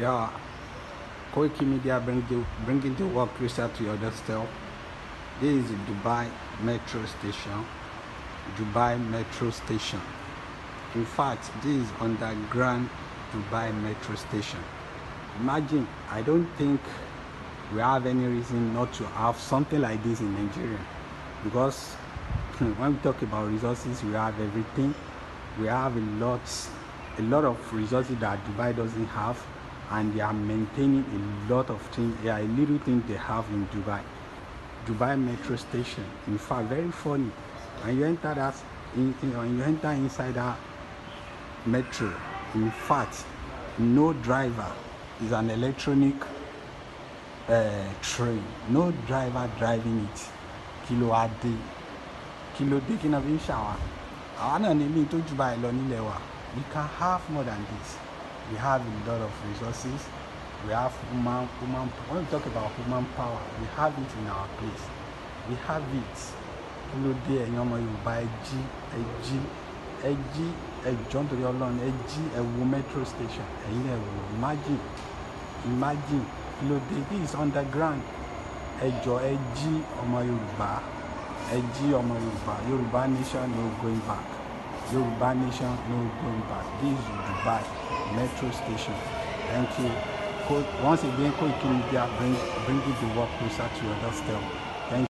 Yeah, Koiki Media bring bringing the world closer to your doorstep. This is Dubai Metro Station. Dubai Metro Station. In fact, this is underground Dubai Metro Station. Imagine, I don't think we have any reason not to have something like this in Nigeria because when we talk about resources, we have everything. We have a lot, a lot of resources that Dubai doesn't have. and they are maintaining a lot of things. Yeah, a little thing they have in Dubai. Dubai metro station. In fact, very funny. And you enter that, in, in, when you enter inside that metro, in fact, no driver is an electronic uh, train. No driver driving it. Kilo a day. Kilo day kina bin shower. Àwa náà ní ilé tó jù báyìí We can have more than this we have a lot of resources. We have human, human. When we talk about human power, we have it in our place. We have it. Kí ló dé ẹ̀yin ọmọ Yorùbá ẹ jí ẹ jí ẹ jí ẹjọ́ nítorí Ọlọ́run ẹ jí ẹ wo metro station ẹ̀yin ẹ wo imagine imagine kí ló dé this is underground ẹjọ́ ẹ jí ọmọ Yorùbá ẹ jí ọmọ Yorùbá Yorùbá nation no going back. Yoruba Nation, no going back. This is Dubai Metro Station. Thank you. Once again, Koiki Media bringing the work closer to your doorstep.